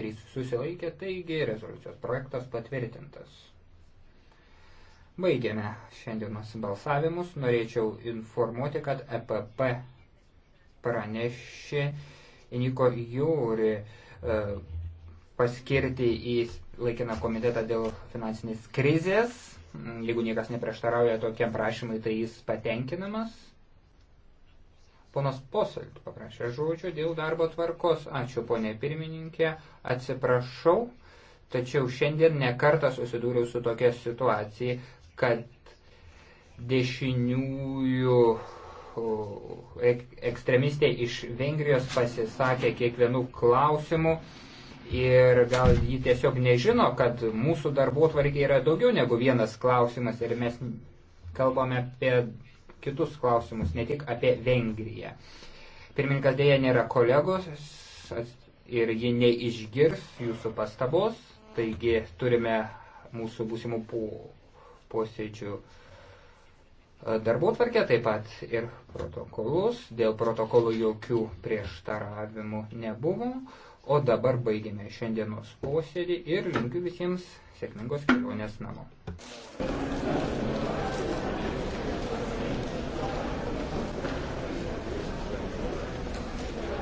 trys susilaikė, taigi rezoliucijos projektas patvirtintas. Baigiame šiandienos balsavimus. Norėčiau informuoti, kad EPP pranešė Niko Jūri e, paskirti į laikiną komitetą dėl finansinės krizės. Jeigu niekas neprieštarauja tokiam prašymui, tai jis patenkinamas. Ponas Posalt paprašė žodžio dėl darbo tvarkos. Ačiū, ponė pirmininkė, atsiprašau, tačiau šiandien nekartą susidūriau su tokia situacija, kad dešiniųjų ekstremistai iš Vengrijos pasisakė kiekvienų klausimų ir gal jį tiesiog nežino, kad mūsų darbo tvarkė yra daugiau negu vienas klausimas ir mes kalbame apie kitus klausimus, ne tik apie Vengriją. Pirmininkas dėja nėra kolegos ir ji neišgirs jūsų pastabos, taigi turime mūsų būsimų posėdžių e, darbo tvarkę taip pat ir protokolus. Dėl protokolų jokių prieštaravimų nebuvo. O dabar baigėme šiandienos posėdį ir linkiu visiems sėkmingos kelionės namo.